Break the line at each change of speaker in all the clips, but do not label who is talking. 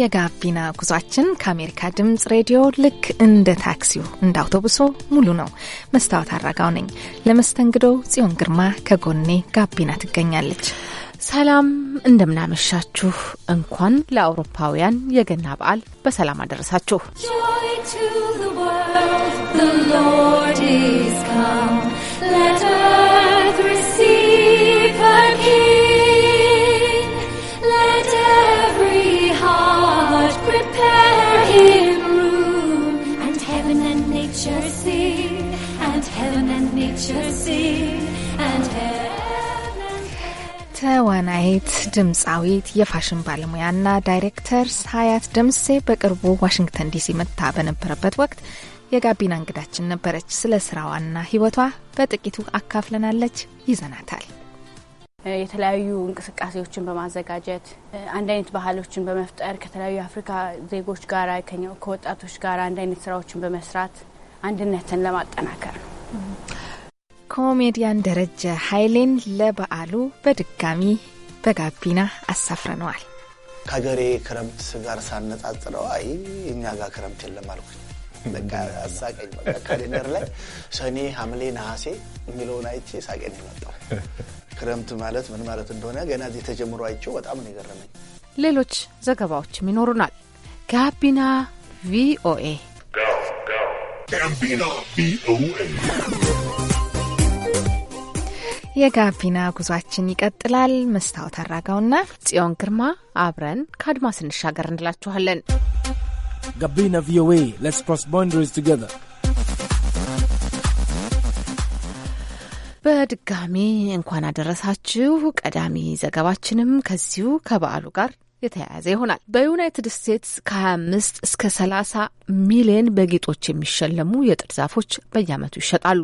የጋቢና ጉዟችን ከአሜሪካ ድምፅ ሬዲዮ ልክ እንደ ታክሲው እንደ አውቶቡሱ ሙሉ ነው። መስታወት አራጋው ነኝ። ለመስተንግዶ ጽዮን ግርማ ከጎኔ ጋቢና ትገኛለች።
ሰላም እንደምናመሻችሁ። እንኳን ለአውሮፓውያን የገና በዓል በሰላም አደረሳችሁ።
Let earth receive her King.
ሀያት ድምፃዊት የፋሽን ባለሙያና ዳይሬክተር ሀያት ደምሴ በቅርቡ ዋሽንግተን ዲሲ መታ በነበረበት ወቅት የጋቢና እንግዳችን ነበረች። ስለ ስራዋና ህይወቷ በጥቂቱ አካፍለናለች። ይዘናታል።
የተለያዩ እንቅስቃሴዎችን በማዘጋጀት አንድ አይነት ባህሎችን በመፍጠር ከተለያዩ የአፍሪካ ዜጎች ጋራ ከወጣቶች ጋራ አንድ አይነት ስራዎችን በመስራት አንድነትን ለማጠናከር ነው።
ኮሜዲያን ደረጀ ኃይሌን ለበዓሉ በድጋሚ በጋቢና አሳፍረነዋል።
ከገሬ ክረምት ጋር ሳነጻጽረው አይ እኛ ጋር ክረምት የለም አልኩኝ። በቃ አሳቀኝ። በቃ ካሌንደር ላይ ሰኔ፣ ሐምሌ፣ ነሐሴ የሚለውን አይቼ ሳቄን የመጣው ክረምት ማለት ምን ማለት እንደሆነ ገና እዚህ ተጀምሮ አይቼው በጣም ነው የገረመኝ።
ሌሎች ዘገባዎችም ይኖሩናል። ጋቢና ቪኦኤ
ጋቢና ቪኦኤ
የጋቢና ጉዟችን ይቀጥላል።
መስታወት አራጋውና ጽዮን ግርማ አብረን ከአድማስ እንሻገር እንላችኋለን።
ጋቢና ቪኦኤ ሌትስ ክሮስ ቦንደሪስ ቱጌዘር።
በድጋሚ እንኳን አደረሳችሁ። ቀዳሚ ዘገባችንም ከዚሁ ከበዓሉ ጋር የተያያዘ ይሆናል። በዩናይትድ ስቴትስ ከ25 እስከ 30 ሚሊዮን በጌጦች የሚሸለሙ የጥድ ዛፎች በየዓመቱ ይሸጣሉ።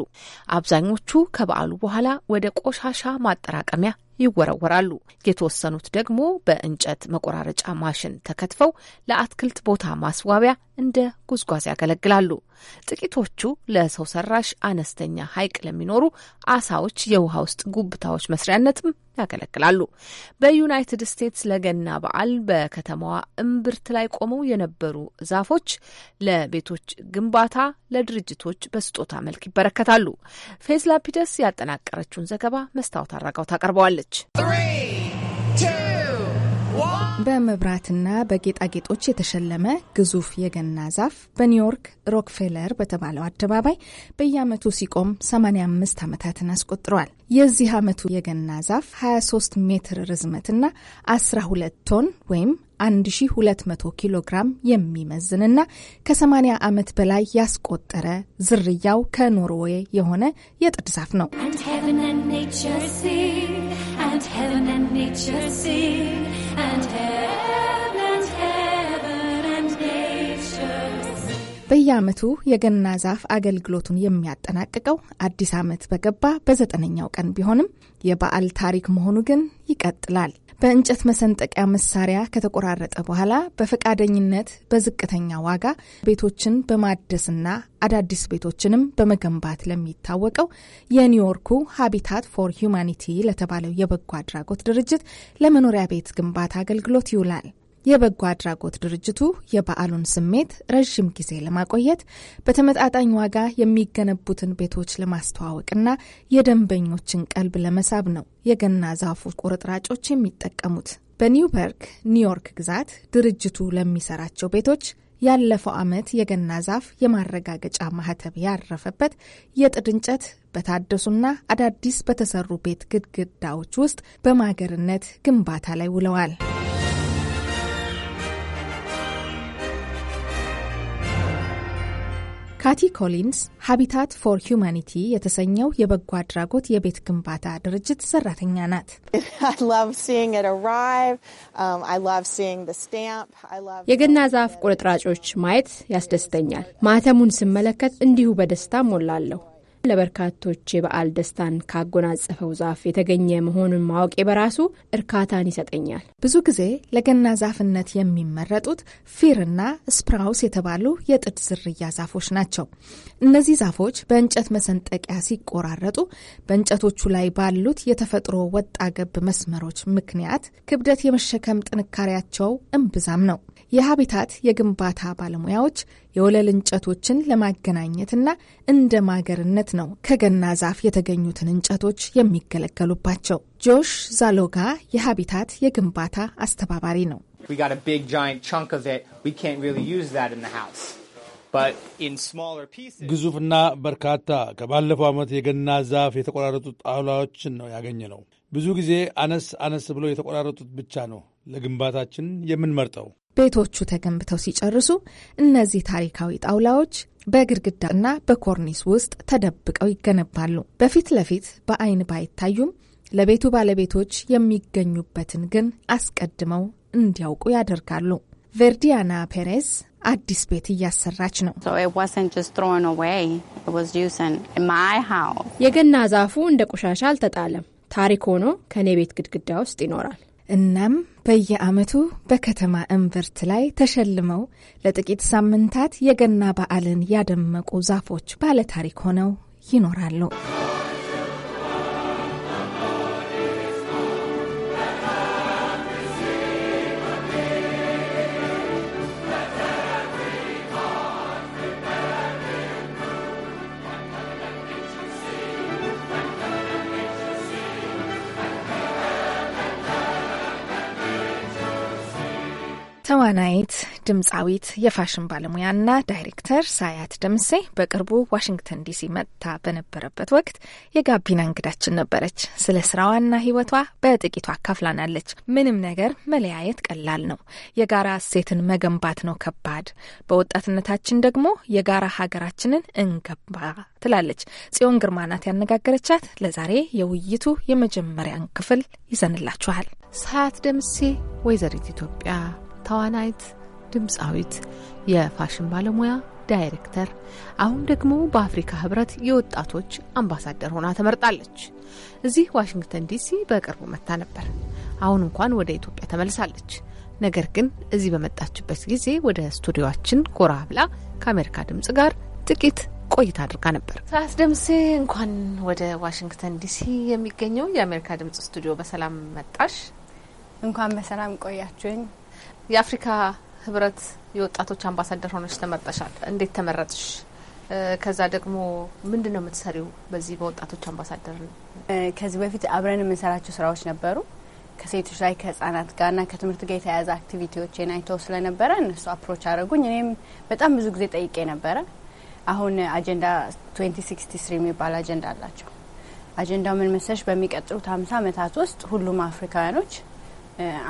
አብዛኞቹ ከበዓሉ በኋላ ወደ ቆሻሻ ማጠራቀሚያ ይወረወራሉ። የተወሰኑት ደግሞ በእንጨት መቆራረጫ ማሽን ተከትፈው ለአትክልት ቦታ ማስዋቢያ እንደ ጉዝጓዝ ያገለግላሉ። ጥቂቶቹ ለሰው ሰራሽ አነስተኛ ሐይቅ ለሚኖሩ አሳዎች የውሃ ውስጥ ጉብታዎች መስሪያነትም ያገለግላሉ። በዩናይትድ ስቴትስ ለገና በዓል በከተማዋ እምብርት ላይ ቆመው የነበሩ ዛፎች ለቤቶች ግንባታ ለድርጅቶች በስጦታ መልክ ይበረከታሉ። ፌዝ ላፒደስ ያጠናቀረችውን ዘገባ መስታወት አድራጋው ታቀርበዋለች።
በመብራትና በጌጣጌጦች የተሸለመ ግዙፍ የገና ዛፍ በኒውዮርክ ሮክፌለር በተባለው አደባባይ በየዓመቱ ሲቆም 85 ዓመታትን አስቆጥሯል። የዚህ ዓመቱ የገና ዛፍ 23 ሜትር ርዝመትና 12 ቶን ወይም 1200 ኪሎ ግራም የሚመዝንና ከ80 ዓመት በላይ ያስቆጠረ ዝርያው ከኖርዌይ የሆነ የጥድ ዛፍ ነው።
And and hair.
በየዓመቱ የገና ዛፍ አገልግሎቱን የሚያጠናቅቀው አዲስ ዓመት በገባ በዘጠነኛው ቀን ቢሆንም የበዓል ታሪክ መሆኑ ግን ይቀጥላል። በእንጨት መሰንጠቂያ መሳሪያ ከተቆራረጠ በኋላ በፈቃደኝነት በዝቅተኛ ዋጋ ቤቶችን በማደስና አዳዲስ ቤቶችንም በመገንባት ለሚታወቀው የኒውዮርኩ ሀቢታት ፎር ሂውማኒቲ ለተባለው የበጎ አድራጎት ድርጅት ለመኖሪያ ቤት ግንባታ አገልግሎት ይውላል። የበጎ አድራጎት ድርጅቱ የበዓሉን ስሜት ረዥም ጊዜ ለማቆየት በተመጣጣኝ ዋጋ የሚገነቡትን ቤቶች ለማስተዋወቅና የደንበኞችን ቀልብ ለመሳብ ነው የገና ዛፉ ቁርጥራጮች የሚጠቀሙት። በኒውበርግ ኒውዮርክ ግዛት ድርጅቱ ለሚሰራቸው ቤቶች ያለፈው ዓመት የገና ዛፍ የማረጋገጫ ማህተብ ያረፈበት የጥድ እንጨት በታደሱና አዳዲስ በተሰሩ ቤት ግድግዳዎች ውስጥ በማገርነት ግንባታ ላይ ውለዋል። ካቲ ኮሊንስ ሀቢታት ፎር ሁማኒቲ የተሰኘው የበጎ አድራጎት የቤት ግንባታ ድርጅት ሰራተኛ ናት። um, የገና ዛፍ ቁርጥራጮች ማየት ያስደስተኛል። ማህተሙን ስመለከት እንዲሁ በደስታ ሞላለሁ። ለበርካቶች የበዓል ደስታን ካጎናጸፈው ዛፍ የተገኘ መሆኑን ማወቄ በራሱ እርካታን ይሰጠኛል። ብዙ ጊዜ ለገና ዛፍነት የሚመረጡት ፊርና ስፕራውስ የተባሉ የጥድ ዝርያ ዛፎች ናቸው። እነዚህ ዛፎች በእንጨት መሰንጠቂያ ሲቆራረጡ በእንጨቶቹ ላይ ባሉት የተፈጥሮ ወጣ ገብ መስመሮች ምክንያት ክብደት የመሸከም ጥንካሬያቸው እምብዛም ነው። የሀቢታት የግንባታ ባለሙያዎች የወለል እንጨቶችን ለማገናኘትና እንደ ማገርነት ነው ከገና ዛፍ የተገኙትን እንጨቶች የሚገለገሉባቸው። ጆሽ ዛሎጋ የሀቢታት የግንባታ አስተባባሪ ነው።
ግዙፍና
በርካታ ከባለፈው ዓመት የገና ዛፍ የተቆራረጡ ጣውላዎችን ነው ያገኘ ነው። ብዙ ጊዜ አነስ አነስ ብሎ የተቆራረጡት ብቻ ነው ለግንባታችን የምንመርጠው።
ቤቶቹ ተገንብተው ሲጨርሱ እነዚህ ታሪካዊ ጣውላዎች እና በኮርኒስ ውስጥ ተደብቀው ይገነባሉ። በፊት ለፊት በአይን ባይታዩም ለቤቱ ባለቤቶች የሚገኙበትን ግን አስቀድመው እንዲያውቁ ያደርጋሉ። ቬርዲያና ፔሬዝ አዲስ ቤት እያሰራች ነው።
የገና ዛፉ እንደ ቆሻሻ አልተጣለም። ታሪክ ሆኖ ከእኔ ቤት ግድግዳ ውስጥ
ይኖራል። እናም በየዓመቱ በከተማ እምብርት ላይ ተሸልመው ለጥቂት ሳምንታት የገና በዓልን ያደመቁ ዛፎች ባለታሪክ ሆነው ይኖራሉ። ተዋናይት፣ ድምፃዊት፣ የፋሽን ባለሙያና ዳይሬክተር ሳያት ደምሴ በቅርቡ ዋሽንግተን ዲሲ መጥታ በነበረበት ወቅት የጋቢና እንግዳችን ነበረች። ስለ ስራዋና ህይወቷ በጥቂቱ አካፍላናለች። ምንም ነገር መለያየት ቀላል ነው፣ የጋራ እሴትን መገንባት ነው ከባድ። በወጣትነታችን ደግሞ የጋራ ሀገራችንን እንገባ ትላለች። ጽዮን ግርማ ናት ያነጋገረቻት። ለዛሬ የውይይቱ የመጀመሪያን ክፍል ይዘንላችኋል።
ሳያት ደምሴ ወይዘሪት ኢትዮጵያ ተዋናይት፣ ድምፃዊት፣ የፋሽን ባለሙያ፣ ዳይሬክተር፣ አሁን ደግሞ በአፍሪካ ህብረት የወጣቶች አምባሳደር ሆና ተመርጣለች። እዚህ ዋሽንግተን ዲሲ በቅርቡ መታ ነበር። አሁን እንኳን ወደ ኢትዮጵያ ተመልሳለች። ነገር ግን እዚህ በመጣችበት ጊዜ ወደ ስቱዲዮችን ጎራ ብላ ከአሜሪካ ድምጽ ጋር ጥቂት ቆይታ አድርጋ ነበር። ስራስ ደምሴ እንኳን ወደ ዋሽንግተን ዲሲ የሚገኘው የአሜሪካ ድምጽ ስቱዲዮ በሰላም መጣሽ።
እንኳን በሰላም ቆያችሁኝ።
የአፍሪካ ህብረት የወጣቶች አምባሳደር ሆነች ተመርጠሻል። እንዴት ተመረጥሽ? ከዛ ደግሞ ምንድን ነው የምትሰሪው በዚህ በወጣቶች አምባሳደር ነው? ከዚህ በፊት አብረን የምንሰራቸው ስራዎች ነበሩ
ከሴቶች ላይ ከህጻናት ጋርና ከትምህርት ጋር የተያያዘ አክቲቪቲዎች ናይተው ስለነበረ እነሱ አፕሮች አድረጉኝ። እኔም በጣም ብዙ ጊዜ ጠይቄ ነበረ። አሁን አጀንዳ ትዌንቲ የሚባል አጀንዳ አላቸው። አጀንዳው ምን መሰለሽ በሚቀጥሉት ሀምሳ አመታት ውስጥ ሁሉም አፍሪካውያኖች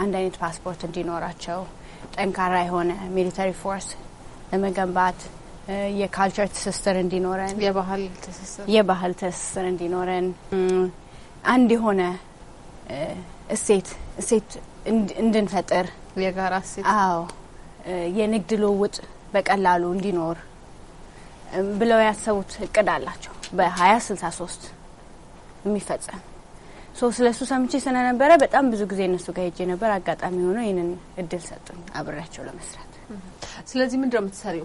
አንድ አይነት ፓስፖርት እንዲኖራቸው ጠንካራ የሆነ ሚሊተሪ ፎርስ ለመገንባት የካልቸር ትስስር እንዲኖረን የባህል ትስስር እንዲኖረን አንድ የሆነ እሴት እሴት እንድንፈጥር የጋራ እሴት አዎ የንግድ ልውውጥ በቀላሉ እንዲኖር ብለው ያሰቡት እቅድ አላቸው በ ሶስት የሚፈጸም ሶ ስለ እሱ ሰምቼ ስለነበረ በጣም ብዙ ጊዜ እነሱ ጋር ሄጄ ነበር። አጋጣሚ ሆኖ ይህንን እድል ሰጡኝ አብሬያቸው ለመስራት። ስለዚህ ምንድነው የምትሰሪው?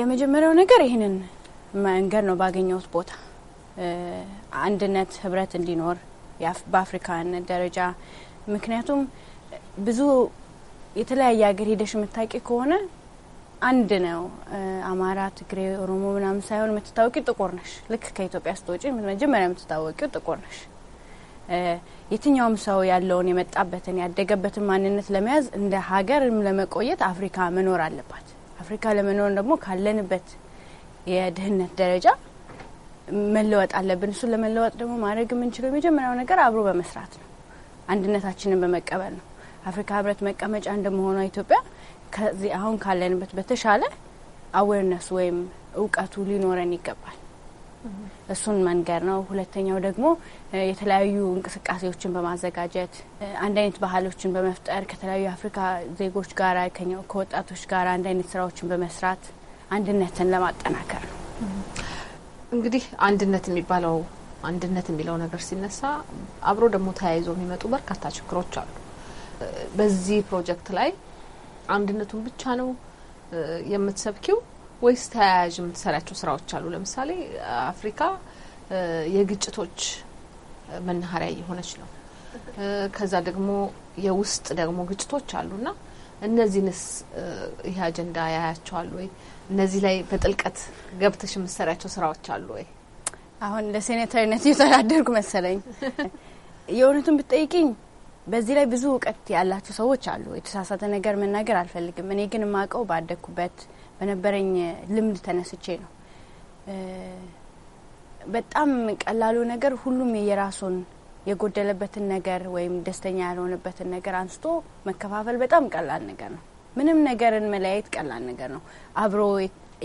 የመጀመሪያው ነገር ይህንን መንገድ ነው ባገኘሁት ቦታ አንድነት፣ ህብረት እንዲኖር በአፍሪካነት ደረጃ ምክንያቱም ብዙ የተለያየ ሀገር ሄደሽ የምታውቂ ከሆነ አንድ ነው አማራ፣ ትግሬ፣ ኦሮሞ ምናምን ሳይሆን የምትታወቂው ጥቁር ነሽ። ልክ ከኢትዮጵያ ስትወጪ መጀመሪያ የምትታወቂው ጥቁር ነሽ። የትኛውም ሰው ያለውን የመጣበትን ያደገበትን ማንነት ለመያዝ እንደ ሀገርም ለመቆየት አፍሪካ መኖር አለባት። አፍሪካ ለመኖር ደግሞ ካለንበት የድህነት ደረጃ መለወጥ አለብን። እሱን ለመለወጥ ደግሞ ማድረግ የምንችለው የመጀመሪያው ነገር አብሮ በመስራት ነው። አንድነታችንን በመቀበል ነው። አፍሪካ ህብረት መቀመጫ እንደመሆኗ ኢትዮጵያ ከዚህ አሁን ካለንበት በተሻለ አዌርነስ ወይም እውቀቱ ሊኖረን ይገባል። እሱን መንገድ ነው። ሁለተኛው ደግሞ የተለያዩ እንቅስቃሴዎችን በማዘጋጀት አንድ አይነት ባህሎችን በመፍጠር ከተለያዩ የአፍሪካ ዜጎች ጋር ከወጣቶች ጋር አንድ አይነት ስራዎችን
በመስራት አንድነትን ለማጠናከር ነው። እንግዲህ አንድነት የሚባለው አንድነት የሚለው ነገር ሲነሳ አብሮ ደግሞ ተያይዞ የሚመጡ በርካታ ችግሮች አሉ። በዚህ ፕሮጀክት ላይ አንድነቱን ብቻ ነው የምትሰብኪው ወይስ ተያያዥ የምትሰራቸው ስራዎች አሉ? ለምሳሌ አፍሪካ የግጭቶች መናኸሪያ እየሆነች ነው። ከዛ ደግሞ የውስጥ ደግሞ ግጭቶች አሉና እነዚህንስ ይህ አጀንዳ ያያቸዋል ወይ? እነዚህ ላይ በጥልቀት ገብተሽ የምትሰሪያቸው ስራዎች አሉ ወይ? አሁን
ለሴኔተርነት እየተዳደርኩ መሰለኝ።
የእውነቱን ብትጠይቅኝ በዚህ
ላይ ብዙ እውቀት ያላቸው ሰዎች አሉ። የተሳሳተ ነገር መናገር አልፈልግም። እኔ ግን የማውቀው ባደግኩበት በነበረኝ ልምድ ተነስቼ ነው። በጣም ቀላሉ ነገር ሁሉም የራሱን የጎደለበትን ነገር ወይም ደስተኛ ያልሆነበትን ነገር አንስቶ መከፋፈል በጣም ቀላል ነገር ነው። ምንም ነገርን መለያየት ቀላል ነገር ነው። አብሮ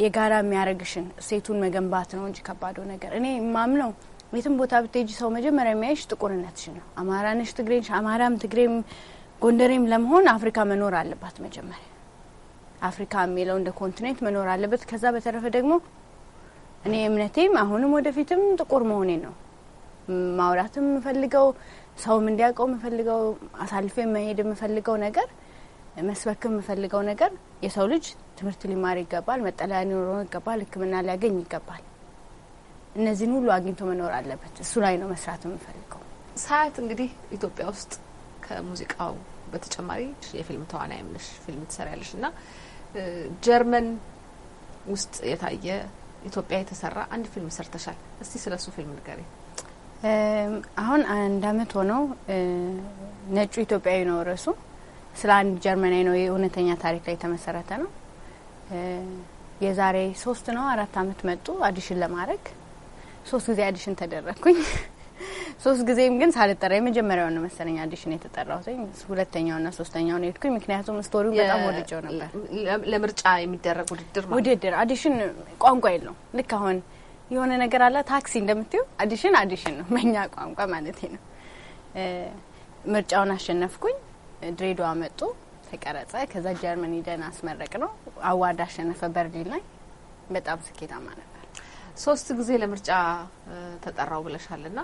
የጋራ የሚያደርግሽን ሴቱን መገንባት ነው እንጂ ከባዶ ነገር እኔ ማምነው የትም ቦታ ብትሄጂ ሰው መጀመሪያ የሚያይሽ ጥቁርነትሽ ነው። አማራነሽ፣ ትግሬንሽ፣ አማራም ትግሬም ጎንደሬም ለመሆን አፍሪካ መኖር አለባት መጀመሪያ አፍሪካ የሚለው እንደ ኮንቲኔንት መኖር አለበት። ከዛ በተረፈ ደግሞ እኔ እምነቴም አሁንም ወደፊትም ጥቁር መሆኔ ነው ማውራት የምፈልገው ሰውም እንዲያውቀው የምፈልገው አሳልፌ መሄድ የምፈልገው ነገር መስበክ የምፈልገው ነገር የሰው ልጅ ትምህርት ሊማር ይገባል፣ መጠለያ ሊኖረ ይገባል፣ ሕክምና ሊያገኝ ይገባል። እነዚህን ሁሉ አግኝቶ
መኖር አለበት። እሱ ላይ ነው መስራት የምፈልገው። ሳያት እንግዲህ ኢትዮጵያ ውስጥ ከሙዚቃው በተጨማሪ የፊልም ተዋናይም ነሽ፣ ፊልም ትሰሪያለሽ እና ጀርመን ውስጥ የታየ ኢትዮጵያ የተሰራ አንድ ፊልም ሰርተሻል። እስቲ ስለ እሱ ፊልም ንገሪ።
አሁን አንድ አመት ሆነው። ነጩ ኢትዮጵያዊ ነው ርዕሱ። ስለ አንድ ጀርመናዊ ነው። የእውነተኛ ታሪክ ላይ የተመሰረተ ነው። የዛሬ ሶስት ነው አራት አመት መጡ አዲሽን ለማድረግ ሶስት ጊዜ አዲሽን ተደረግኩኝ። ሶስት ጊዜም ግን ሳልጠራ የመጀመሪያው ነው መሰለኝ አዲሽን የተጠራሁት። ሶስተኛው ነው ሄድኩኝ፣ ምክንያቱም ስቶሪው በጣም ወድጀው ነበር። ለምርጫ የሚደረግ ውድድር ውድድር አዲሽን ቋንቋ የለው ልክ አሁን የሆነ ነገር አለ ታክሲ እንደምትዩ አዲሽን አዲሽን ነው በእኛ ቋንቋ ማለት ነው። ምርጫውን አሸነፍኩኝ። ድሬዳዋ መጡ፣ ተቀረጸ። ከዛ ጀርመን ሄደን አስመረቅ ነው። አዋርድ አሸነፈ
በርሊን ላይ። በጣም ስኬታማ ነበር። ሶስት ጊዜ ለምርጫ ተጠራው ብለሻል ና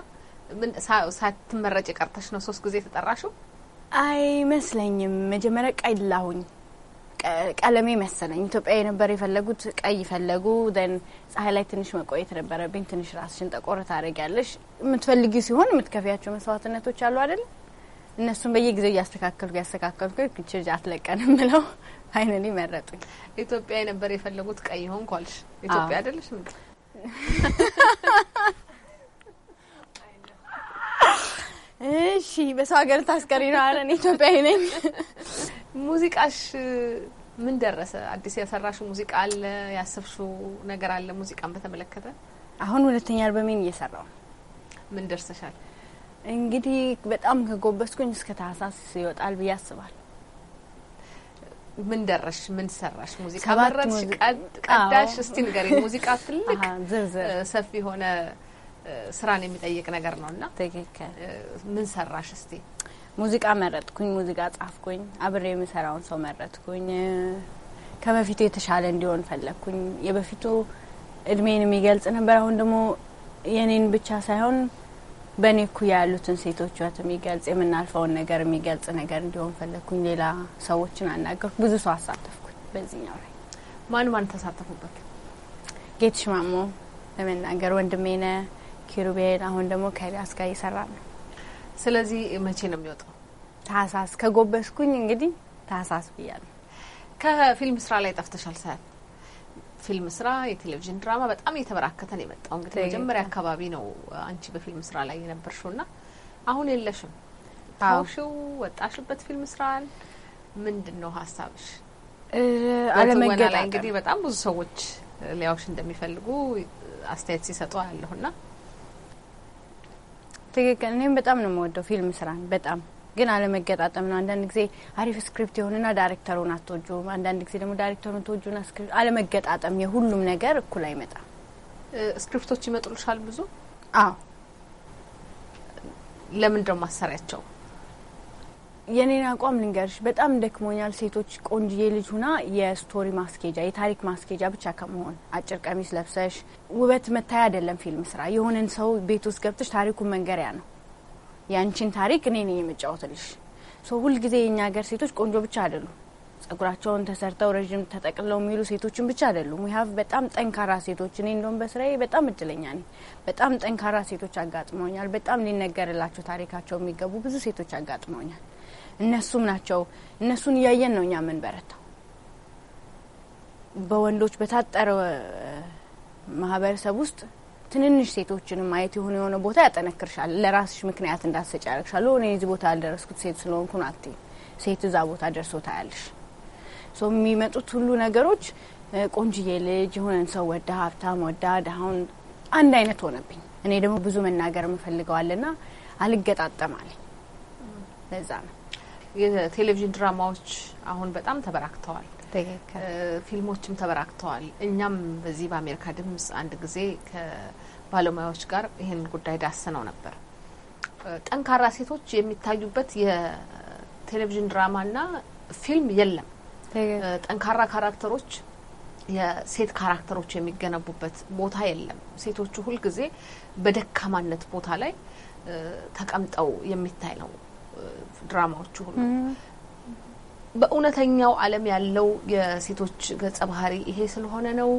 ሳትመረጭ ቀርተሽ ነው ሶስት ጊዜ የተጠራሽው?
አይመስለኝም። መጀመሪያ ቀይ ላሁኝ ቀለሜ መሰለኝ። ኢትዮጵያ ነበር የፈለጉት፣ ቀይ ፈለጉ። ን ፀሐይ ላይ ትንሽ መቆየት ነበረብኝ። ትንሽ ራስሽን ጠቆር ታደርጊያለሽ። የምትፈልጊ ሲሆን የምትከፍያቸው መስዋዕትነቶች አሉ አይደል? እነሱን በየጊዜው እያስተካከልኩ ያስተካከልኩ ፒክቸር አትለቀንም ብለው ፋይናሊ መረጡኝ።
ኢትዮጵያ ነበር የፈለጉት፣ ቀይ ሆንኩ አልሽ። ኢትዮጵያ አይደለሽ እሺ፣ በሰው ሀገር ታስቀሪ ነው። አረን እኔ ኢትዮጵያዊ ነኝ። ሙዚቃሽ ምን ደረሰ? አዲስ የሰራሹ ሙዚቃ አለ? ያሰብሹ ነገር አለ? ሙዚቃን በተመለከተ አሁን ሁለተኛ አልበሜን እየሰራው
ምን ደርሰሻል? እንግዲህ በጣም ከጎበስኩኝ እስከ ታህሳስ
ይወጣል ብዬ አስባለሁ። ምን ደረሽ? ምን ሰራሽ? ሙዚቃ መረጥሽ? ቀዳሽ? እስቲ ንገሪ። ሙዚቃ ትልቅ ዝርዝር ሰፊ የሆነ ስራን የሚጠይቅ ነገር ነው እና ትክክል። ምን ሰራሽ እስቲ? ሙዚቃ መረጥኩኝ፣
ሙዚቃ ጻፍኩኝ፣ አብሬ የሚሰራውን ሰው መረጥኩኝ። ከበፊቱ የተሻለ እንዲሆን ፈለግኩኝ። የበፊቱ እድሜን የሚገልጽ ነበር። አሁን ደግሞ የኔን ብቻ ሳይሆን በእኔ እኩያ ያሉትን ሴቶች ህይወት የሚገልጽ የምናልፈውን ነገር የሚገልጽ ነገር እንዲሆን ፈለግኩኝ። ሌላ ሰዎችን አናገርኩ፣ ብዙ ሰው አሳተፍኩኝ። በዚህኛው ላይ
ማን ማን ተሳተፉበት?
ጌትሽ ማሞ ለመናገር ወንድሜ ኪሩቤል
አሁን ደግሞ ከሊያስ ጋር እየሰራ ነው። ስለዚህ መቼ ነው የሚወጣው? ታህሳስ ከጎበስኩኝ እንግዲህ ታህሳስ ብያለሁ። ከፊልም ስራ ላይ ጠፍተሻል ሳያል ፊልም ስራ የቴሌቪዥን ድራማ በጣም እየተበራከተ ነው የመጣው። እንግዲህ መጀመሪያ አካባቢ ነው አንቺ በፊልም ስራ ላይ የነበርሽው ና አሁን የለሽም። ታውሽው ወጣሽበት ፊልም ስራል ምንድን ነው ሀሳብሽ?
አለመገጣጠም እንግዲህ በጣም
ብዙ ሰዎች ሊያውሽ እንደሚፈልጉ አስተያየት ሲሰጡ አለሁና
ትክክል። እኔም በጣም ነው የምወደው ፊልም ስራን በጣም ግን አለመገጣጠም ነው። አንዳንድ ጊዜ አሪፍ ስክሪፕት የሆንና ዳይሬክተሩን አትወጁ፣ አንዳንድ ጊዜ ደግሞ ዳይሬክተሩን ተወጁና ስክሪፕት አለመገጣጠም፣ የሁሉም ነገር እኩል አይመጣም።
ስክሪፕቶች ይመጡልሻል ብዙ?
አዎ። ለምንድን ማሰሪያቸው? የኔን አቋም ልንገርሽ፣ በጣም ደክሞኛል። ሴቶች ቆንጅዬ ልጅ ሁና የስቶሪ ማስኬጃ የታሪክ ማስኬጃ ብቻ ከመሆን አጭር ቀሚስ ለብሰሽ ውበት መታይ አይደለም ፊልም ስራ። የሆነን ሰው ቤት ውስጥ ገብተሽ ታሪኩን መንገሪያ ነው። ያንቺን ታሪክ እኔ ነኝ የምጫወትልሽ። ሰው ሁልጊዜ የኛ ሀገር ሴቶች ቆንጆ ብቻ አይደሉም። ጸጉራቸውን ተሰርተው ረዥም ተጠቅለው የሚሉ ሴቶችን ብቻ አይደሉም። ዊ ሀቭ በጣም ጠንካራ ሴቶች። እኔ እንደውም በስራዬ በጣም እድለኛ ነኝ። በጣም ጠንካራ ሴቶች አጋጥመውኛል። በጣም ሊነገርላቸው ታሪካቸው የሚገቡ ብዙ ሴቶች አጋጥመውኛል። እነሱም ናቸው። እነሱን እያየን ነው እኛ የምንበረታው። በወንዶች በታጠረ ማህበረሰብ ውስጥ ትንንሽ ሴቶችን ማየት የሆነ የሆነ ቦታ ያጠነክርሻል። ለራስሽ ምክንያት እንዳትሰጪ ያደርግሻል። እኔ እዚህ ቦታ ያልደረስኩት ሴት ስለሆንኩ ነው ሴት እዛ ቦታ ደርሶ ታያለሽ። ሶ የሚመጡት ሁሉ ነገሮች ቆንጅዬ ልጅ የሆነን ሰው ወዳ ሀብታም ወዳ ድሀውን አንድ አይነት ሆነብኝ። እኔ ደግሞ ብዙ መናገር የምፈልገዋልና አልገጣጠማል።
ለዛ ነው የቴሌቪዥን ድራማዎች አሁን በጣም ተበራክተዋል፣ ፊልሞችም ተበራክተዋል። እኛም በዚህ በአሜሪካ ድምጽ አንድ ጊዜ ከባለሙያዎች ጋር ይህን ጉዳይ ነው ነበር። ጠንካራ ሴቶች የሚታዩበት የቴሌቪዥን ድራማና ፊልም የለም። ጠንካራ ካራክተሮች የሴት ካራክተሮች የሚገነቡበት ቦታ የለም። ሴቶቹ ሁልጊዜ በደካማነት ቦታ ላይ ተቀምጠው የሚታይ ነው። ድራማዎቹ ሁሉ በእውነተኛው ዓለም ያለው የሴቶች ገጸ ባህሪ ይሄ ስለሆነ ነው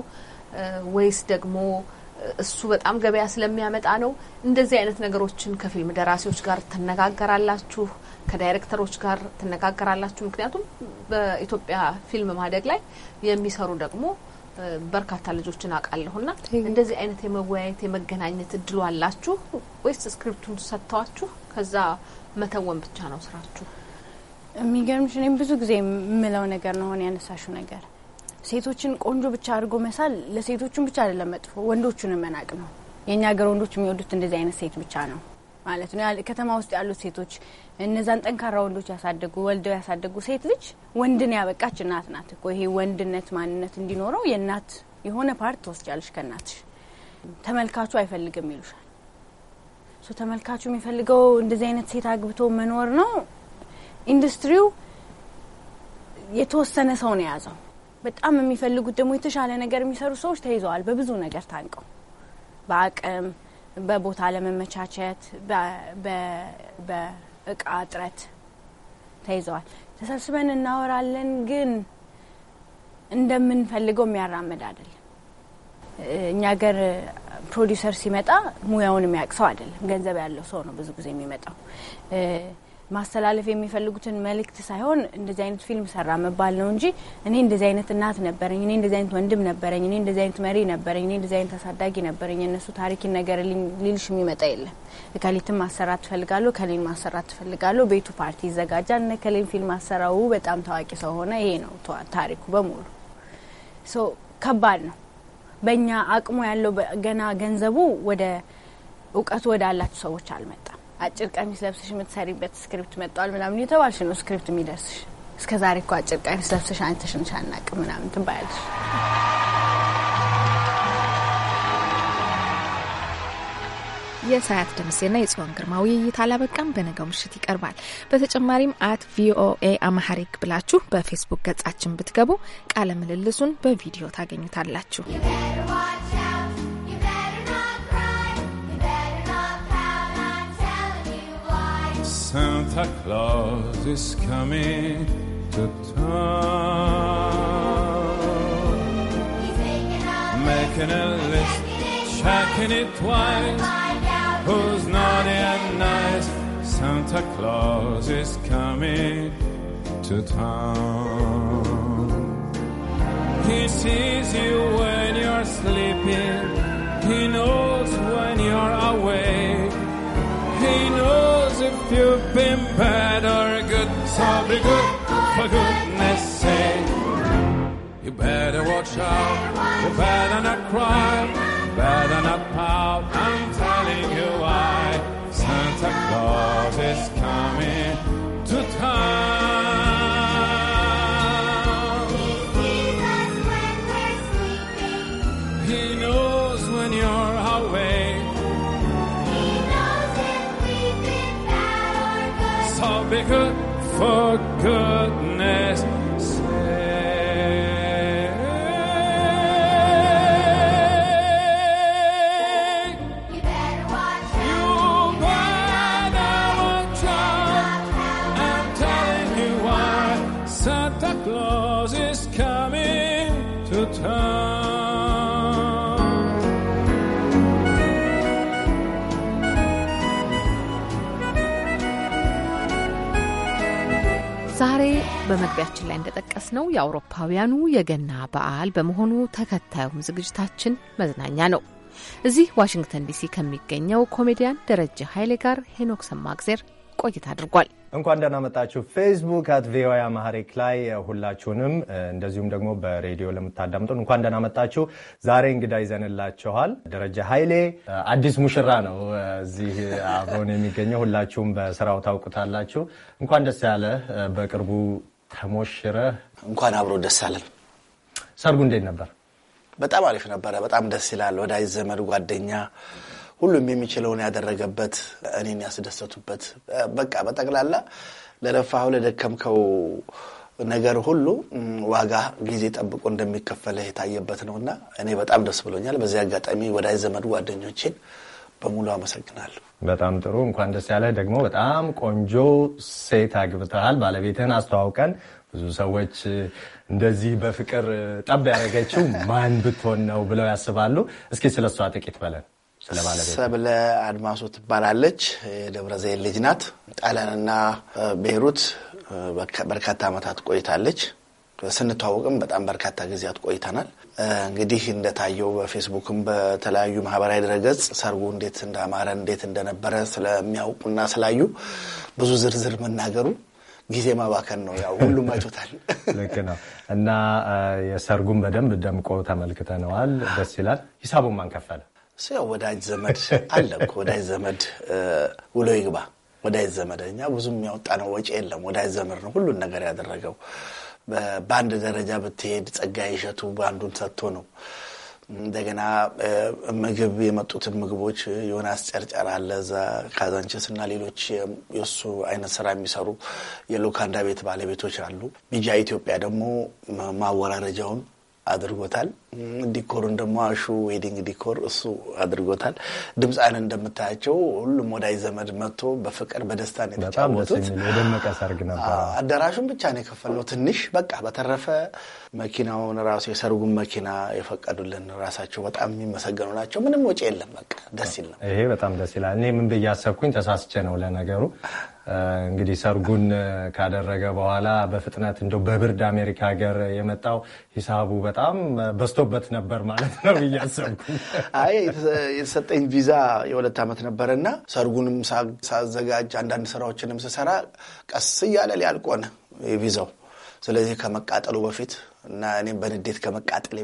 ወይስ ደግሞ እሱ በጣም ገበያ ስለሚያመጣ ነው? እንደዚህ አይነት ነገሮችን ከፊልም ደራሲዎች ጋር ትነጋገራላችሁ? ከዳይሬክተሮች ጋር ትነጋገራላችሁ? ምክንያቱም በኢትዮጵያ ፊልም ማደግ ላይ የሚሰሩ ደግሞ በርካታ ልጆችን ና እንደዚህ አይነት የመወያየት የመገናኘት እድሉ አላችሁ ወይስ ስክሪፕቱን ሰጥተዋችሁ ከዛ መተወን ብቻ ነው ስራችሁ? የሚገርምሽ እኔም ብዙ ጊዜ
የምለው ነገር ነው ሆነ ያነሳሽው ነገር ሴቶችን ቆንጆ ብቻ አድርጎ መሳል ለሴቶቹም ብቻ አይደለም መጥፎ፣ ወንዶቹን መናቅ ነው። የእኛ ሀገር ወንዶች የሚወዱት እንደዚህ አይነት ሴት ብቻ ነው ማለት ነው። ከተማ ውስጥ ያሉት ሴቶች እነዛን ጠንካራ ወንዶች ያሳደጉ ወልደው ያሳደጉ ሴት ልጅ ወንድን ያበቃች እናት ናት እኮ። ይሄ ወንድነት ማንነት እንዲኖረው የእናት የሆነ ፓርት ትወስጃለሽ ከእናትሽ። ተመልካቹ አይፈልግም ይሉሻል ተመልካቹ የሚፈልገው እንደዚህ አይነት ሴት አግብቶ መኖር ነው። ኢንዱስትሪው የተወሰነ ሰው ነው የያዘው። በጣም የሚፈልጉት ደግሞ የተሻለ ነገር የሚሰሩ ሰዎች ተይዘዋል። በብዙ ነገር ታንቀው በአቅም በቦታ ለመመቻቸት በእቃ እጥረት ተይዘዋል። ተሰብስበን እናወራለን፣ ግን እንደምንፈልገው የሚያራምድ አይደለም። እኛ ገር ፕሮዲሰር ሲመጣ ሙያውን የሚያውቅ ሰው አይደለም፣ ገንዘብ ያለው ሰው ነው ብዙ ጊዜ የሚመጣው። ማስተላለፍ የሚፈልጉትን መልእክት ሳይሆን እንደዚህ አይነት ፊልም ሰራ መባል ነው እንጂ እኔ እንደዚህ አይነት እናት ነበረኝ፣ እኔ እንደዚህ አይነት ወንድም ነበረኝ፣ እኔ እንደዚህ አይነት መሪ ነበረኝ፣ እኔ እንደዚህ አይነት አሳዳጊ ነበረኝ፣ እነሱ ታሪክን ነገር ሊልሽ የሚመጣ የለም። እከሌትን ማሰራት ትፈልጋለሁ፣ እከሌን ማሰራት ትፈልጋለሁ፣ ቤቱ ፓርቲ ይዘጋጃል፣ እነ እከሌን ፊልም አሰራው በጣም ታዋቂ ሰው ሆነ። ይሄ ነው ታሪኩ በሙሉ። ሶ ከባድ ነው በእኛ አቅሙ ያለው ገና ገንዘቡ ወደ እውቀቱ ወደ አላቸው ሰዎች አልመጣም። አጭር ቀሚስ ለብሰሽ የምትሰሪበት ስክሪፕት መጥቷል ምናምን የተባልሽ ነው ስክሪፕት የሚደርስሽ። እስከ ዛሬ እኮ አጭር ቀሚስ ለብሰሽ አንተሽን ሻናቅ ምናምን ትባያለሽ።
የሰዓት ደምሴና የጽዮን ግርማ ውይይት አላበቃም፣ በነገው ምሽት ይቀርባል። በተጨማሪም አት ቪኦኤ አማሐሪክ ብላችሁ በፌስቡክ ገጻችን ብትገቡ ቃለ ምልልሱን በቪዲዮ ታገኙታላችሁ።
Santa Claus is
coming to town.
He's making a list, checking it twice. who's naughty and nice. Santa Claus is coming to town. He sees you when you're sleeping. He knows when you're awake. He knows if you've been bad or good. So be good for goodness sake. You better watch out. You better not cry. better not pout.
Santa Claus is coming
to town. He hears us when we're sleeping. He knows when you're awake. He knows if we've been bad or good. So be good for goodness
በመግቢያችን ላይ እንደጠቀስ ነው የአውሮፓውያኑ የገና በዓል በመሆኑ ተከታዩም ዝግጅታችን መዝናኛ ነው። እዚህ ዋሽንግተን ዲሲ ከሚገኘው ኮሜዲያን ደረጀ ኃይሌ ጋር ሄኖክ ሰማግዜር ቆይታ አድርጓል።
እንኳን ደህና መጣችሁ። ፌስቡክ አት ቪኦኤ አማሪክ ላይ ሁላችሁንም፣ እንደዚሁም ደግሞ በሬዲዮ ለምታዳምጡን እንኳን ደህና መጣችሁ። ዛሬ እንግዳ ይዘንላችኋል። ደረጀ ኃይሌ አዲስ ሙሽራ ነው እዚህ አብሮን የሚገኘው። ሁላችሁም በስራው ታውቁታላችሁ። እንኳን ደስ ያለ በቅርቡ ተሞሽረ እንኳን አብሮ ደስ አለን። ሰርጉ እንዴት ነበር?
በጣም አሪፍ ነበረ። በጣም ደስ ይላል። ወዳጅ ዘመድ፣ ጓደኛ ሁሉም የሚችለውን ያደረገበት እኔን ያስደሰቱበት በቃ በጠቅላላ ለለፋኸው ለደከምከው ነገር ሁሉ ዋጋ ጊዜ ጠብቆ እንደሚከፈለ የታየበት እና እኔ በጣም ደስ ብሎኛል። በዚህ አጋጣሚ ወዳጅ ዘመድ ጓደኞችን በሙሉ አመሰግናለሁ።
በጣም ጥሩ እንኳን ደስ ያለህ። ደግሞ በጣም ቆንጆ ሴት አግብተሃል። ባለቤትህን አስተዋውቀን። ብዙ ሰዎች እንደዚህ በፍቅር ጠብ ያደረገችው ማን ብትሆን ነው ብለው ያስባሉ። እስኪ ስለ እሷ ጥቂት በለን።
ሰብለ አድማሱ ትባላለች። የደብረ ዘይት ልጅ ናት። ጣሊያንና ቤይሩት በርካታ ዓመታት ቆይታለች። ስንተዋወቅም በጣም በርካታ ጊዜያት ቆይተናል። እንግዲህ እንደታየው በፌስቡክም በተለያዩ ማህበራዊ ድረገጽ ሰርጉ እንዴት እንዳማረ እንዴት እንደነበረ ስለሚያውቁና ስላዩ ብዙ ዝርዝር መናገሩ ጊዜ ማባከን ነው። ያው ሁሉም አይቶታል።
ልክ ነው እና የሰርጉን በደንብ ደምቆ ተመልክተነዋል። ደስ ይላል። ሂሳቡን ማን ከፈለ?
ያው ወዳጅ ዘመድ አለ ወዳጅ ዘመድ ውሎ ይግባ። ወዳጅ ዘመድ እኛ ብዙም ያወጣ ነው ወጪ የለም። ወዳጅ ዘመድ ነው ሁሉን ነገር ያደረገው በአንድ ደረጃ ብትሄድ ጸጋ ይሸቱ አንዱን ሰጥቶ ነው። እንደገና ምግብ የመጡትን ምግቦች ዮናስ ጨርጨር አለ እዛ ካዛንችስ እና ሌሎች የእሱ አይነት ስራ የሚሰሩ የሎካንዳ ቤት ባለቤቶች አሉ። ቢጃ ኢትዮጵያ ደግሞ ማወራረጃውን አድርጎታል። ዲኮሩን ደግሞ አሹ ዌዲንግ ዲኮር እሱ አድርጎታል። ድምፃን እንደምታያቸው ሁሉም ወዳጅ ዘመድ መጥቶ በፍቅር በደስታ ነው የተጫወቱት። አዳራሹን ብቻ ነው የከፈለው ትንሽ በቃ። በተረፈ መኪናውን ራሱ የሰርጉን መኪና የፈቀዱልን ራሳቸው በጣም የሚመሰገኑ ናቸው። ምንም ወጪ የለም። በቃ ደስ ይል ነው።
ይሄ በጣም ደስ ይላል። እኔ ምን ብዬ አሰብኩኝ፣ ተሳስቼ ነው ለነገሩ እንግዲህ ሰርጉን ካደረገ በኋላ በፍጥነት እንደው በብርድ አሜሪካ ሀገር የመጣው ሂሳቡ በጣም በዝቶበት ነበር ማለት ነው ብዬ
አይ የተሰጠኝ ቪዛ የሁለት ዓመት ነበር እና ሰርጉንም ሳዘጋጅ አንዳንድ ስራዎችንም ስሰራ ቀስ እያለ ሊያልቅ ሆነ ስለዚህ ከመቃጠሉ በፊት እና እኔም በንዴት ከመቃጠል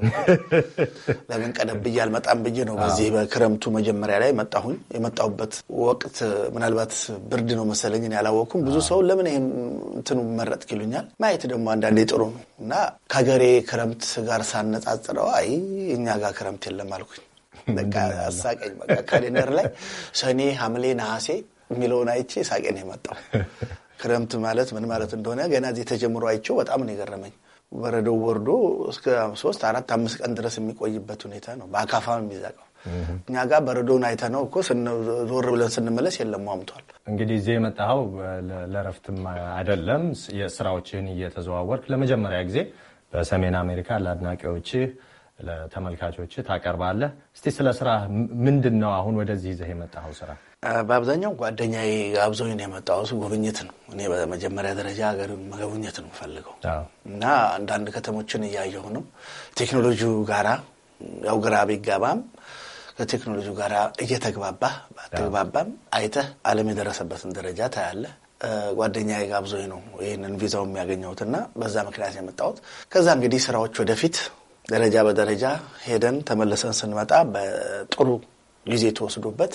ለምን ቀደም ብዬ አልመጣም ብዬ ነው። በዚህ በክረምቱ መጀመሪያ ላይ መጣሁኝ። የመጣሁበት ወቅት ምናልባት ብርድ ነው መሰለኝ ያላወቅኩም። ብዙ ሰው ለምን ይህም እንትኑ መረጥክ ይሉኛል። ማየት ደግሞ አንዳንዴ ጥሩ ነው እና ከገሬ ክረምት ጋር ሳነጻጽረው አይ እኛ ጋር ክረምት የለም አልኩኝ። በቃ አሳቀኝ። በቃ ካሌንደር ላይ ሰኔ፣ ሐምሌ፣ ነሐሴ የሚለውን አይቼ ሳቄ ነው የመጣው። ክረምት ማለት ምን ማለት እንደሆነ ገና እዚህ ተጀምሮ አይቼው በጣም ነው የገረመኝ። በረዶው ወርዶ እስከ ሶስት አራት አምስት ቀን ድረስ የሚቆይበት ሁኔታ ነው። በአካፋ የሚዘቀው እኛ ጋር በረዶውን አይተ ነው እኮ ዞር ብለን ስንመለስ የለም ዋምቷል።
እንግዲህ እዚህ የመጣኸው ለረፍትም አይደለም፣ የስራዎችን እየተዘዋወርክ ለመጀመሪያ ጊዜ በሰሜን አሜሪካ ለአድናቂዎችህ ለተመልካቾች ታቀርባለህ። እስቲ ስለ ስራ ምንድን ነው አሁን ወደዚህ ይዘህ የመጣኸው ስራ?
በአብዛኛው ጓደኛዬ ጋብዞኝ ነው የመጣሁት። ጉብኝት ነው። እኔ በመጀመሪያ ደረጃ ሀገርን መጎብኘት ነው የምፈልገው እና አንዳንድ ከተሞችን እያየሁ ነው። ቴክኖሎጂ ጋራ ያው ግራ ቢገባም ከቴክኖሎጂ ጋር እየተግባባህ ባትግባባም አይተህ ዓለም የደረሰበትን ደረጃ ታያለህ። ጓደኛዬ ጋብዞኝ ነው ይህንን ቪዛው የሚያገኘሁትና በዛ ምክንያት የመጣሁት። ከዛ እንግዲህ ስራዎች ወደፊት ደረጃ በደረጃ ሄደን ተመልሰን ስንመጣ በጥሩ ጊዜ ተወስዶበት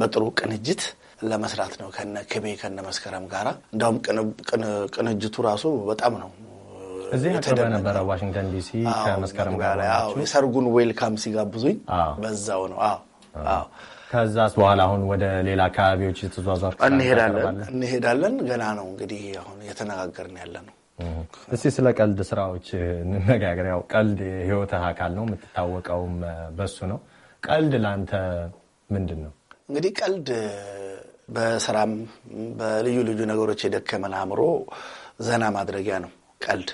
በጥሩ ቅንጅት ለመስራት ነው ከነ ክቤ ከነ መስከረም ጋራ። እንዳውም ቅንጅቱ ራሱ በጣም ነው
እዚህ ነበረ ዋሽንግተን ዲሲ ከመስከረም ጋር
የሰርጉን ዌልካም ሲጋብዙኝ በዛው ነው። አዎ አዎ።
ከዛስ በኋላ አሁን ወደ ሌላ አካባቢዎች የተዟዟር እንሄዳለን
እንሄዳለን። ገና ነው እንግዲህ አሁን እየተነጋገርን ያለ ነው።
እስቲ ስለ ቀልድ ስራዎች እንነጋገር። ያው ቀልድ የህይወትህ አካል ነው፣ የምትታወቀውም በሱ ነው። ቀልድ ለአንተ ምንድን ነው?
እንግዲህ ቀልድ በስራም በልዩ ልዩ ነገሮች የደከመን አእምሮ ዘና ማድረጊያ ነው። ቀልድ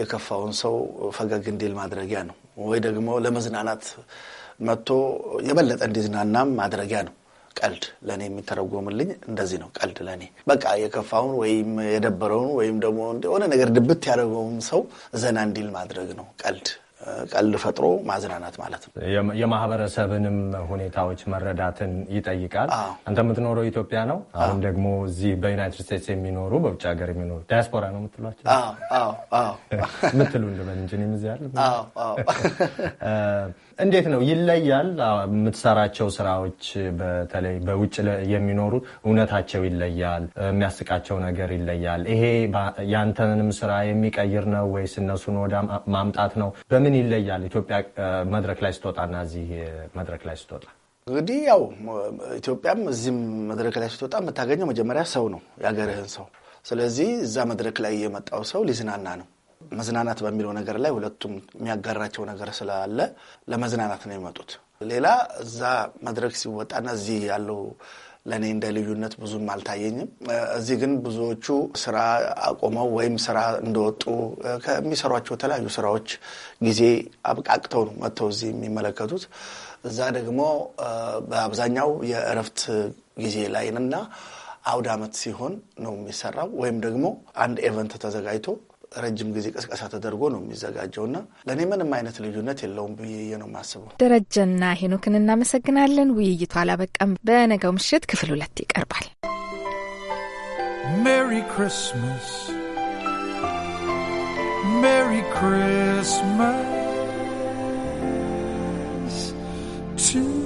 የከፋውን ሰው ፈገግ እንዲል ማድረጊያ ነው፣ ወይ ደግሞ ለመዝናናት መጥቶ የበለጠ እንዲዝናናም ማድረጊያ ነው። ቀልድ ለእኔ የሚተረጎምልኝ እንደዚህ ነው። ቀልድ ለእኔ በቃ የከፋውን ወይም የደበረውን ወይም ደግሞ የሆነ ነገር ድብት ያደረገውን ሰው ዘና እንዲል ማድረግ ነው ቀልድ ቀልድ ፈጥሮ ማዝናናት ማለት
ነው። የማህበረሰብንም ሁኔታዎች መረዳትን ይጠይቃል። አንተ የምትኖረው ኢትዮጵያ ነው። አሁን ደግሞ እዚህ በዩናይትድ ስቴትስ የሚኖሩ በውጭ ሀገር የሚኖሩ ዳያስፖራ ነው የምትሏቸው ምትሉ እንደበል እንጂ እዚህ ያለ እንዴት ነው ይለያል? የምትሰራቸው ስራዎች በተለይ በውጭ የሚኖሩ እውነታቸው ይለያል፣ የሚያስቃቸው ነገር ይለያል። ይሄ ያንተንም ስራ የሚቀይር ነው ወይስ እነሱን ወደ ማምጣት ነው? በምን ይለያል? ኢትዮጵያ መድረክ ላይ ስትወጣ እዚህ መድረክ ላይ ስትወጣ
እንግዲህ ያው ኢትዮጵያም እዚህም መድረክ ላይ ስትወጣ የምታገኘው መጀመሪያ ሰው ነው፣ የሀገርህን ሰው። ስለዚህ እዛ መድረክ ላይ የመጣው ሰው ሊዝናና ነው መዝናናት በሚለው ነገር ላይ ሁለቱም የሚያጋራቸው ነገር ስላለ ለመዝናናት ነው የመጡት። ሌላ እዛ መድረክ ሲወጣና እዚህ ያለው ለእኔ እንደ ልዩነት ብዙም አልታየኝም። እዚህ ግን ብዙዎቹ ስራ አቆመው ወይም ስራ እንደወጡ ከሚሰሯቸው የተለያዩ ስራዎች ጊዜ አብቃቅተው ነው መጥተው እዚህ የሚመለከቱት። እዛ ደግሞ በአብዛኛው የእረፍት ጊዜ ላይንና አውድ አመት ሲሆን ነው የሚሰራው ወይም ደግሞ አንድ ኤቨንት ተዘጋጅቶ ረጅም ጊዜ ቅስቀሳ ተደርጎ ነው የሚዘጋጀው እና ለእኔ ምንም አይነት ልዩነት የለውም ብዬ ነው የማስበው።
ደረጀና ሄኖክን እናመሰግናለን። ውይይቱ አላበቃም። በነገው ምሽት ክፍል ሁለት ይቀርባል።
Merry Merry Christmas to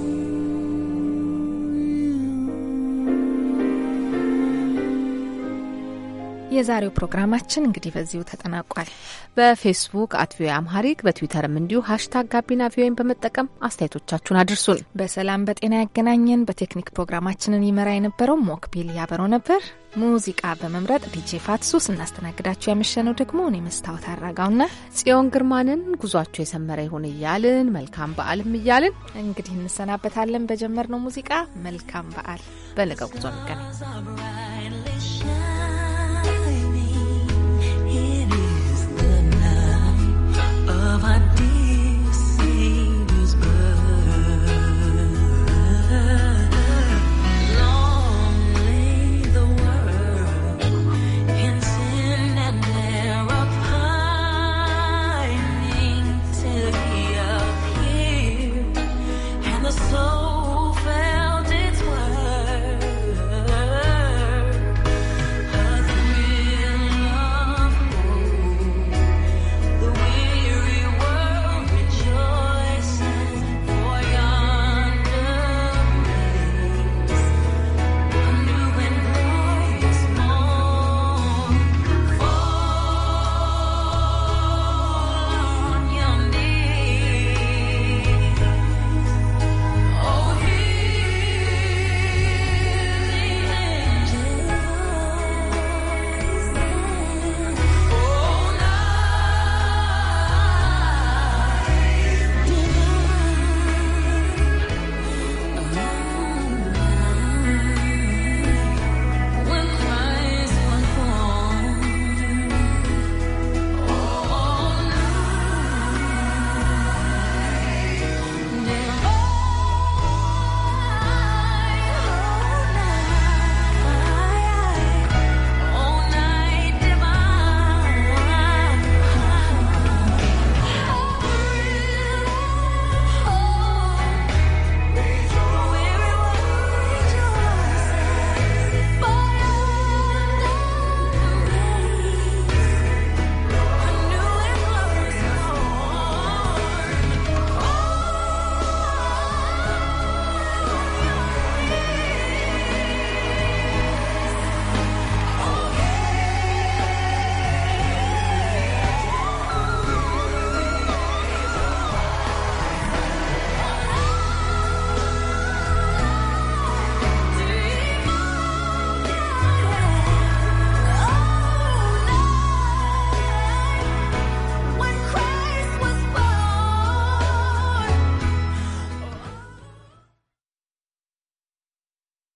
የዛሬው ፕሮግራማችን እንግዲህ በዚሁ ተጠናቋል። በፌስቡክ አት ቪኦኤ አምሃሪክ በትዊተርም እንዲሁ ሀሽታግ ጋቢና ቪኦኤን በመጠቀም
አስተያየቶቻችሁን
አድርሱን። በሰላም በጤና ያገናኘን። በቴክኒክ ፕሮግራማችንን ይመራ የነበረው ሞክቢል ያበረው ነበር። ሙዚቃ በመምረጥ ዲጄ ፋትሱ ስናስተናግዳችሁ ያመሸነው ደግሞ እኔ መስታወት አራጋውና ጽዮን ግርማንን ጉዟችሁ የሰመረ ይሁን እያልን መልካም በዓልም እያልን እንግዲህ እንሰናበታለን። በጀመርነው ሙዚቃ መልካም በዓል።
በነገው ጉዞ እንገናኝ።
kawan